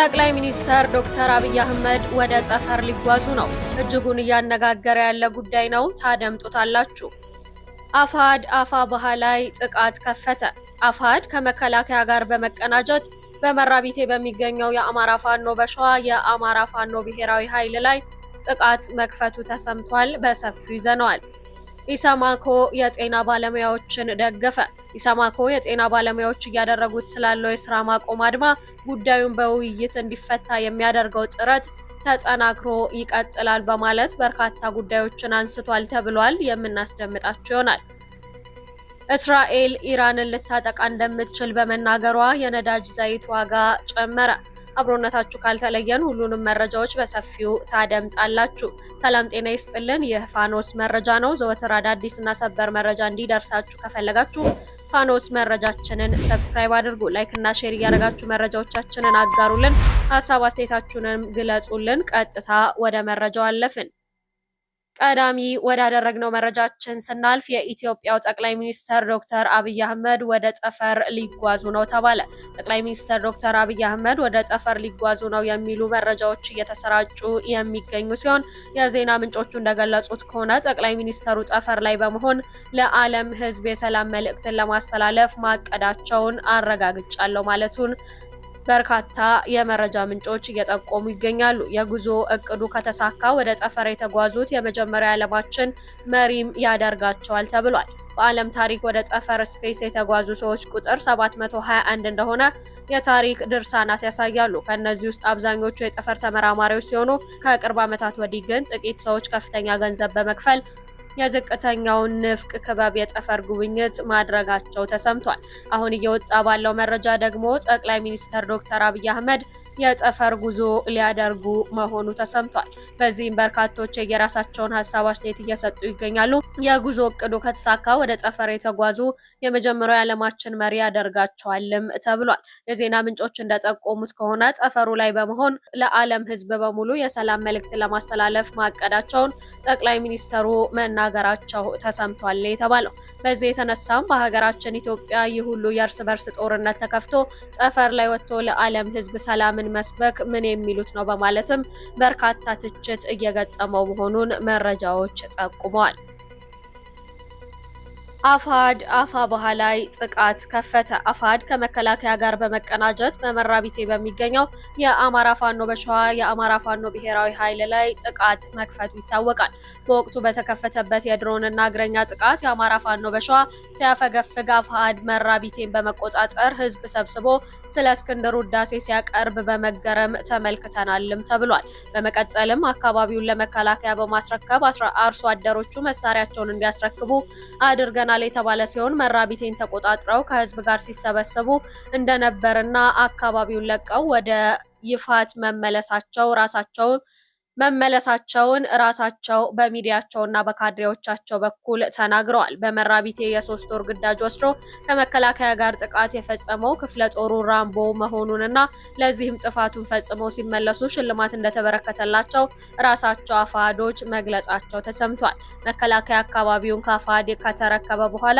ጠቅላይ ሚኒስተር ዶክተር አብይ አህመድ ወደ ጠፈር ሊጓዙ ነው። እጅጉን እያነጋገረ ያለ ጉዳይ ነው። ታደምጡታላችሁ። አፋ ባህ ላይ ጥቃት ከፈተ። አፋድ ከመከላከያ ጋር በመቀናጀት በመራቢቴ በሚገኘው የአማራ ፋኖ በሸዋ የአማራ ፋኖ ብሔራዊ ኃይል ላይ ጥቃት መክፈቱ ተሰምቷል። በሰፊው ይዘነዋል። ኢሰማኮ የጤና ባለሙያዎችን ደገፈ። ኢሰማኮ የጤና ባለሙያዎች እያደረጉት ስላለው የስራ ማቆም አድማ ጉዳዩን በውይይት እንዲፈታ የሚያደርገው ጥረት ተጠናክሮ ይቀጥላል በማለት በርካታ ጉዳዮችን አንስቷል ተብሏል። የምናስደምጣችሁ ይሆናል። እስራኤል ኢራንን ልታጠቃ እንደምትችል በመናገሯ የነዳጅ ዘይት ዋጋ ጨመረ። አብሮነታችሁ ካልተለየን ሁሉንም መረጃዎች በሰፊው ታደምጣላችሁ። ሰላም ጤና ይስጥልን። ይህ ፋኖስ መረጃ ነው። ዘወትር እና ሰበር መረጃ እንዲደርሳችሁ ከፈለጋችሁ ፋኖስ መረጃችንን ሰብስክራይብ አድርጉ፣ ላይክ እና ሼር እያደረጋችሁ መረጃዎቻችንን አጋሩልን፣ ሀሳብ አስተያየታችሁንም ግለጹልን። ቀጥታ ወደ መረጃው አለፍን። ቀዳሚ ወዳደረግነው መረጃችን ስናልፍ የኢትዮጵያው ጠቅላይ ሚኒስተር ዶክተር አብይ አህመድ ወደ ጠፈር ሊጓዙ ነው ተባለ። ጠቅላይ ሚኒስተር ዶክተር አብይ አህመድ ወደ ጠፈር ሊጓዙ ነው የሚሉ መረጃዎች እየተሰራጩ የሚገኙ ሲሆን የዜና ምንጮቹ እንደገለጹት ከሆነ ጠቅላይ ሚኒስተሩ ጠፈር ላይ በመሆን ለዓለም ሕዝብ የሰላም መልእክትን ለማስተላለፍ ማቀዳቸውን አረጋግጫለሁ ማለቱን በርካታ የመረጃ ምንጮች እየጠቆሙ ይገኛሉ። የጉዞ እቅዱ ከተሳካ ወደ ጠፈር የተጓዙት የመጀመሪያ ዓለማችን መሪም ያደርጋቸዋል ተብሏል። በዓለም ታሪክ ወደ ጠፈር ስፔስ የተጓዙ ሰዎች ቁጥር 721 እንደሆነ የታሪክ ድርሳናት ያሳያሉ። ከእነዚህ ውስጥ አብዛኞቹ የጠፈር ተመራማሪዎች ሲሆኑ ከቅርብ ዓመታት ወዲህ ግን ጥቂት ሰዎች ከፍተኛ ገንዘብ በመክፈል የዝቅተኛውን ንፍቅ ክበብ የጠፈር ጉብኝት ማድረጋቸው ተሰምቷል። አሁን እየወጣ ባለው መረጃ ደግሞ ጠቅላይ ሚኒስትር ዶክተር አብይ አህመድ የጠፈር ጉዞ ሊያደርጉ መሆኑ ተሰምቷል። በዚህም በርካቶች የራሳቸውን ሀሳብ አስተያየት እየሰጡ ይገኛሉ። የጉዞ እቅዱ ከተሳካ ወደ ጠፈር የተጓዙ የመጀመሪያው የዓለማችን መሪ ያደርጋቸዋልም ተብሏል። የዜና ምንጮች እንደጠቆሙት ከሆነ ጠፈሩ ላይ በመሆን ለዓለም ሕዝብ በሙሉ የሰላም መልእክት ለማስተላለፍ ማቀዳቸውን ጠቅላይ ሚኒስተሩ መናገራቸው ተሰምቷል የተባለው በዚህ የተነሳም በሀገራችን ኢትዮጵያ ይህ ሁሉ የእርስ በርስ ጦርነት ተከፍቶ ጠፈር ላይ ወጥቶ ለዓለም ሕዝብ ሰላምን ወንጌልን መስበክ ምን የሚሉት ነው በማለትም በርካታ ትችት እየገጠመው መሆኑን መረጃዎች ጠቁመዋል። አፋድ አፋብኃ ላይ ጥቃት ከፈተ። አፋድ ከመከላከያ ጋር በመቀናጀት በመራቢቴ በሚገኘው የአማራ ፋኖ በሸዋ የአማራ ፋኖ ብሔራዊ ኃይል ላይ ጥቃት መክፈቱ ይታወቃል። በወቅቱ በተከፈተበት የድሮንና እግረኛ ጥቃት የአማራ ፋኖ በሸዋ ሲያፈገፍግ አፋድ መራቢቴን በመቆጣጠር ህዝብ ሰብስቦ ስለ እስክንድር ውዳሴ ሲያቀርብ በመገረም ተመልክተናልም ተብሏል። በመቀጠልም አካባቢውን ለመከላከያ በማስረከብ አርሶ አደሮቹ መሳሪያቸውን እንዲያስረክቡ አድርገ ተቆጣጥረናል የተባለ ሲሆን መራቢቴን ተቆጣጥረው ከህዝብ ጋር ሲሰበሰቡ እንደነበርና አካባቢውን ለቀው ወደ ይፋት መመለሳቸው ራሳቸውን መመለሳቸውን ራሳቸው በሚዲያቸውና በካድሬዎቻቸው በኩል ተናግረዋል። በመራቢቴ የሶስት ወር ግዳጅ ወስዶ ከመከላከያ ጋር ጥቃት የፈጸመው ክፍለ ጦሩ ራምቦ መሆኑንና ለዚህም ጥፋቱን ፈጽመው ሲመለሱ ሽልማት እንደተበረከተላቸው ራሳቸው አፋዶች መግለጻቸው ተሰምቷል። መከላከያ አካባቢውን ከአፋድ ከተረከበ በኋላ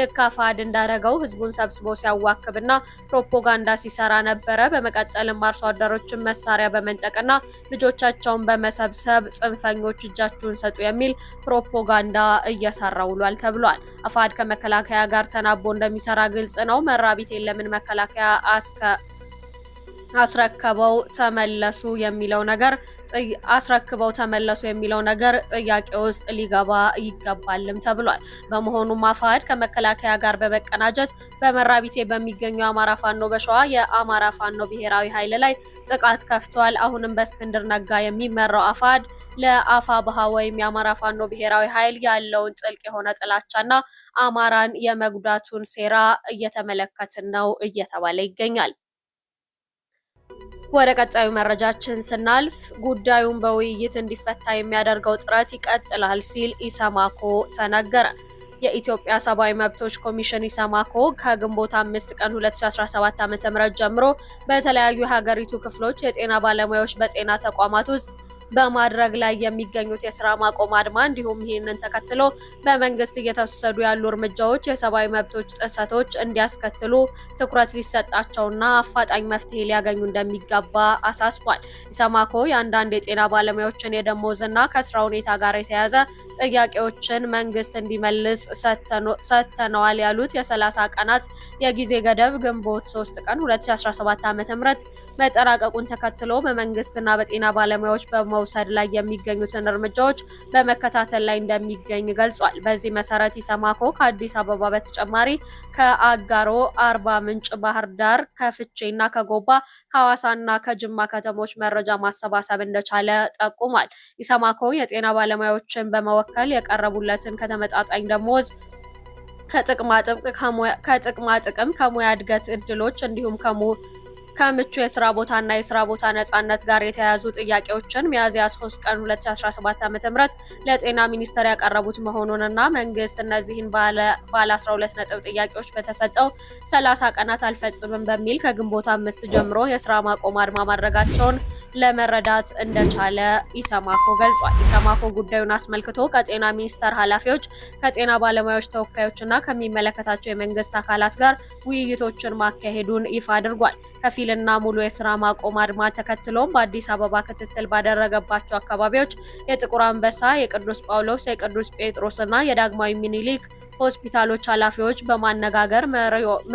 ልክ አፋድ እንዳደረገው ህዝቡን ሰብስቦ ሲያዋክብና ፕሮፓጋንዳ ሲሰራ ነበረ። በመቀጠልም አርሶ አደሮችን መሳሪያ በመንጠቅና ልጆቻቸውን በ በመሰብሰብ ጽንፈኞች እጃችሁን ሰጡ የሚል ፕሮፓጋንዳ እየሰራ ውሏል ተብሏል። አፋድ ከመከላከያ ጋር ተናቦ እንደሚሰራ ግልጽ ነው። መራቢት ለምን መከላከያ አስከ አስረከበው ተመለሱ የሚለው ነገር አስረክበው ተመለሱ የሚለው ነገር ጥያቄ ውስጥ ሊገባ ይገባልም ተብሏል። በመሆኑም አፋሕድ ከመከላከያ ጋር በመቀናጀት በመራቢቴ በሚገኘው አማራ ፋኖ በሸዋ የአማራ ፋኖ ብሔራዊ ኃይል ላይ ጥቃት ከፍቷል። አሁንም በእስክንድር ነጋ የሚመራው አፋሕድ ለአፋ ባሃ ወይም የአማራ ፋኖ ብሔራዊ ኃይል ያለውን ጥልቅ የሆነ ጥላቻና አማራን የመጉዳቱን ሴራ እየተመለከትን ነው እየተባለ ይገኛል። ወደ ቀጣዩ መረጃችን ስናልፍ ጉዳዩን በውይይት እንዲፈታ የሚያደርገው ጥረት ይቀጥላል ሲል ኢሰማኮ ተናገረ። የኢትዮጵያ ሰብአዊ መብቶች ኮሚሽን ኢሰማኮ ከግንቦት አምስት ቀን 2017 ዓ.ም ጀምሮ በተለያዩ የሀገሪቱ ክፍሎች የጤና ባለሙያዎች በጤና ተቋማት ውስጥ በማድረግ ላይ የሚገኙት የስራ ማቆም አድማ እንዲሁም ይህንን ተከትሎ በመንግስት እየተወሰዱ ያሉ እርምጃዎች የሰብአዊ መብቶች ጥሰቶች እንዲያስከትሉ ትኩረት ሊሰጣቸውና አፋጣኝ መፍትሄ ሊያገኙ እንደሚገባ አሳስቧል። ኢሰማኮ የአንዳንድ የጤና ባለሙያዎችን የደሞዝና ከስራ ሁኔታ ጋር የተያያዘ ጥያቄዎችን መንግስት እንዲመልስ ሰጥተነዋል ያሉት የ30 ቀናት የጊዜ ገደብ ግንቦት 3 ቀን 2017 ዓ.ም መጠናቀቁን ተከትሎ በመንግስትና በጤና ባለሙያዎች በመ በመውሰድ ላይ የሚገኙትን እርምጃዎች በመከታተል ላይ እንደሚገኝ ገልጿል። በዚህ መሰረት ኢሰማኮ ከአዲስ አበባ በተጨማሪ ከአጋሮ፣ አርባ ምንጭ፣ ባህር ዳር፣ ከፍቼና ከጎባ ከሐዋሳና ከጅማ ከተሞች መረጃ ማሰባሰብ እንደቻለ ጠቁሟል። ኢሰማኮ የጤና ባለሙያዎችን በመወከል የቀረቡለትን ከተመጣጣኝ ደሞዝ ከጥቅማ ጥቅም ከሙያ እድገት እድሎች እንዲሁም ከምቹ የስራ ቦታና የስራ ቦታ ነጻነት ጋር የተያያዙ ጥያቄዎችን ሚያዝያ 3 ቀን 2017 ዓ.ም ለጤና ሚኒስቴር ያቀረቡት መሆኑንና መንግስት እነዚህን ባለ 12 ነጥብ ጥያቄዎች በተሰጠው 30 ቀናት አልፈጽምም በሚል ከግንቦት አምስት ጀምሮ የስራ ማቆም አድማ ማድረጋቸውን ለመረዳት እንደቻለ ኢሰማኮ ገልጿል። ኢሰማኮ ጉዳዩን አስመልክቶ ከጤና ሚኒስቴር ኃላፊዎች፣ ከጤና ባለሙያዎች ተወካዮችና ከሚመለከታቸው የመንግስት አካላት ጋር ውይይቶችን ማካሄዱን ይፋ አድርጓል። ከፊልና ሙሉ የስራ ማቆም አድማ ተከትሎም በአዲስ አበባ ክትትል ባደረገባቸው አካባቢዎች የጥቁር አንበሳ፣ የቅዱስ ጳውሎስ፣ የቅዱስ ጴጥሮስና የዳግማዊ ሚኒሊክ ሆስፒታሎች ኃላፊዎች በማነጋገር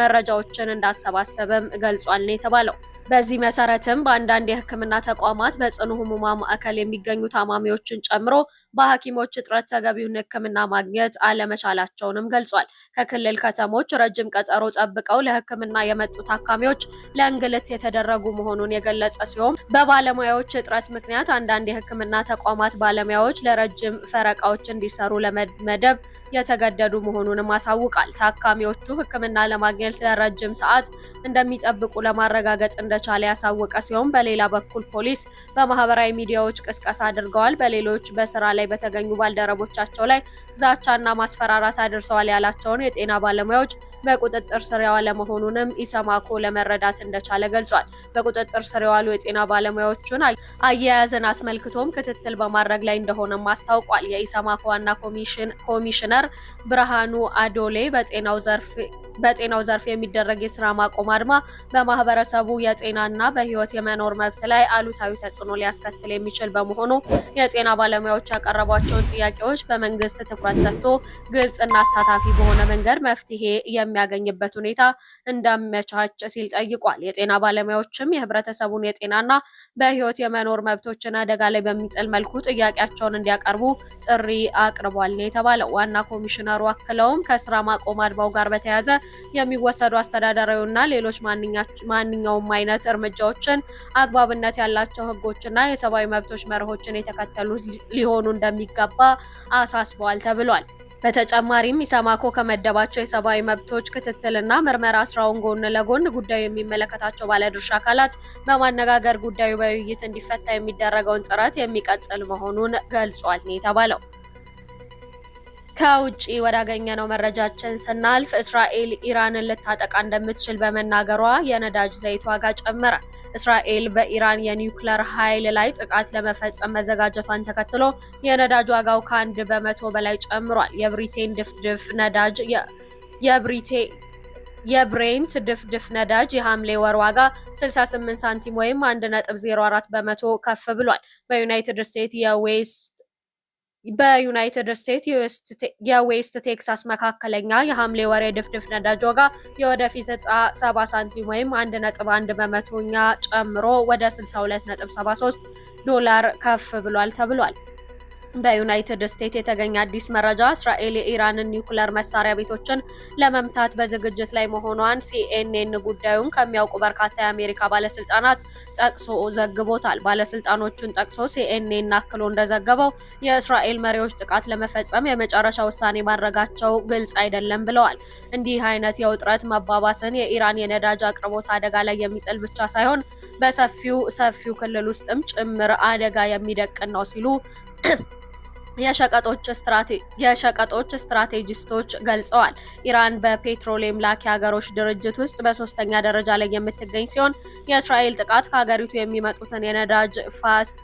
መረጃዎችን እንዳሰባሰበም ገልጿል ነው የተባለው። በዚህ መሰረትም በአንዳንድ የሕክምና ተቋማት በጽኑ ህሙማን ማዕከል የሚገኙ ታማሚዎችን ጨምሮ በሐኪሞች እጥረት ተገቢውን ሕክምና ማግኘት አለመቻላቸውንም ገልጿል። ከክልል ከተሞች ረጅም ቀጠሮ ጠብቀው ለሕክምና የመጡ ታካሚዎች ለእንግልት የተደረጉ መሆኑን የገለጸ ሲሆን በባለሙያዎች እጥረት ምክንያት አንዳንድ የሕክምና ተቋማት ባለሙያዎች ለረጅም ፈረቃዎች እንዲሰሩ ለመመደብ የተገደዱ መሆኑንም አሳውቃል። ታካሚዎቹ ሕክምና ለማግኘት ለረጅም ሰዓት እንደሚጠብቁ ለማረጋገጥ እንደ እንደቻለ ያሳወቀ ሲሆን በሌላ በኩል ፖሊስ በማህበራዊ ሚዲያዎች ቅስቀሳ አድርገዋል፣ በሌሎች በስራ ላይ በተገኙ ባልደረቦቻቸው ላይ ዛቻና ማስፈራራት አድርሰዋል ያላቸውን የጤና ባለሙያዎች በቁጥጥር ስር የዋለ መሆኑንም ኢሰማኮ ለመረዳት እንደቻለ ገልጿል። በቁጥጥር ስር የዋሉ የጤና ባለሙያዎችን አያያዝን አስመልክቶም ክትትል በማድረግ ላይ እንደሆነም አስታውቋል። የኢሰማኮ ዋና ኮሚሽነር ብርሃኑ አዶሌ በጤናው ዘርፍ በጤናው ዘርፍ የሚደረግ የስራ ማቆም አድማ በማህበረሰቡ የጤናና በህይወት የመኖር መብት ላይ አሉታዊ ተጽዕኖ ሊያስከትል የሚችል በመሆኑ የጤና ባለሙያዎች ያቀረቧቸውን ጥያቄዎች በመንግስት ትኩረት ሰጥቶ ግልጽና አሳታፊ በሆነ መንገድ መፍትሄ የሚ የሚያገኝበት ሁኔታ እንዳመቻች ሲል ጠይቋል። የጤና ባለሙያዎችም የህብረተሰቡን የጤናና በህይወት የመኖር መብቶችን አደጋ ላይ በሚጥል መልኩ ጥያቄያቸውን እንዲያቀርቡ ጥሪ አቅርቧል የተባለው ዋና ኮሚሽነሩ አክለውም ከስራ ማቆም አድማው ጋር በተያያዘ የሚወሰዱ አስተዳደራዊና ሌሎች ማንኛውም አይነት እርምጃዎችን አግባብነት ያላቸው ህጎችና የሰብአዊ መብቶች መርሆችን የተከተሉ ሊሆኑ እንደሚገባ አሳስበዋል ተብሏል። በተጨማሪም ኢሰማኮ ከመደባቸው የሰብአዊ መብቶች ክትትልና ምርመራ ስራውን ጎን ለጎን ጉዳዩ የሚመለከታቸው ባለድርሻ አካላት በማነጋገር ጉዳዩ በውይይት እንዲፈታ የሚደረገውን ጥረት የሚቀጥል መሆኑን ገልጿል የተባለው። ከውጭ ወዳገኘነው መረጃችን ስናልፍ እስራኤል ኢራንን ልታጠቃ እንደምትችል በመናገሯ የነዳጅ ዘይት ዋጋ ጨመረ። እስራኤል በኢራን የኒውክለር ኃይል ላይ ጥቃት ለመፈጸም መዘጋጀቷን ተከትሎ የነዳጅ ዋጋው ከአንድ በመቶ በላይ ጨምሯል። የብሪቴን ድፍድፍ ነዳጅ የብሪቴ የብሬንት ድፍድፍ ነዳጅ የሐምሌ ወር ዋጋ 68 ሳንቲም ወይም 1.04 በመቶ ከፍ ብሏል። በዩናይትድ ስቴትስ የዌስት በዩናይትድ ስቴትስ የዌስት ቴክሳስ መካከለኛ የሐምሌ ወር የድፍድፍ ነዳጅ ዋጋ የወደፊት እጣ 70 ሳንቲም ወይም 1.1 በመቶኛ ጨምሮ ወደ 62.73 ዶላር ከፍ ብሏል ተብሏል። በዩናይትድ ስቴትስ የተገኘ አዲስ መረጃ እስራኤል የኢራንን ኒውክለር መሳሪያ ቤቶችን ለመምታት በዝግጅት ላይ መሆኗን ሲኤንኤን ጉዳዩን ከሚያውቁ በርካታ የአሜሪካ ባለስልጣናት ጠቅሶ ዘግቦታል። ባለስልጣኖቹን ጠቅሶ ሲኤንኤን አክሎ እንደዘገበው የእስራኤል መሪዎች ጥቃት ለመፈጸም የመጨረሻ ውሳኔ ማድረጋቸው ግልጽ አይደለም ብለዋል። እንዲህ አይነት የውጥረት መባባስን የኢራን የነዳጅ አቅርቦት አደጋ ላይ የሚጥል ብቻ ሳይሆን በሰፊው ሰፊው ክልል ውስጥም ጭምር አደጋ የሚደቅን ነው ሲሉ የሸቀጦች ስትራቴጂስቶች ገልጸዋል። ኢራን በፔትሮሊየም ላኪ ሀገሮች ድርጅት ውስጥ በሶስተኛ ደረጃ ላይ የምትገኝ ሲሆን የእስራኤል ጥቃት ከሀገሪቱ የሚመጡትን የነዳጅ ፋስት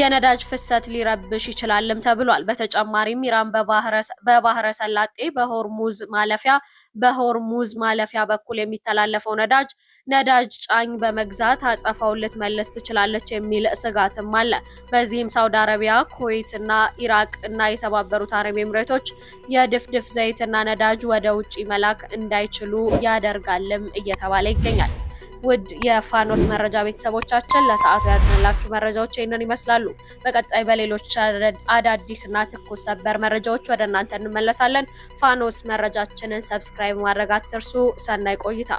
የነዳጅ ፍሰት ሊረብሽ ይችላልም ተብሏል። በተጨማሪም ኢራን በባህረ ሰላጤ በሆርሙዝ ማለፊያ በሆርሙዝ ማለፊያ በኩል የሚተላለፈው ነዳጅ ነዳጅ ጫኝ በመግዛት አጸፋውን ልትመለስ ትችላለች የሚል ስጋትም አለ። በዚህም ሳውዲ አረቢያ፣ ኩዌት እና ኢራቅ እና የተባበሩት አረብ ኤምሬቶች የድፍድፍ ዘይትና ነዳጅ ወደ ውጭ መላክ እንዳይችሉ ያደርጋልም እየተባለ ይገኛል። ውድ የፋኖስ መረጃ ቤተሰቦቻችን ለሰዓቱ ያዝንላችሁ መረጃዎች ይህንን ይመስላሉ። በቀጣይ በሌሎች አዳዲስ እና ትኩስ ሰበር መረጃዎች ወደ እናንተ እንመለሳለን። ፋኖስ መረጃችንን ሰብስክራይብ ማድረግ አትርሱ። ሰናይ ቆይታ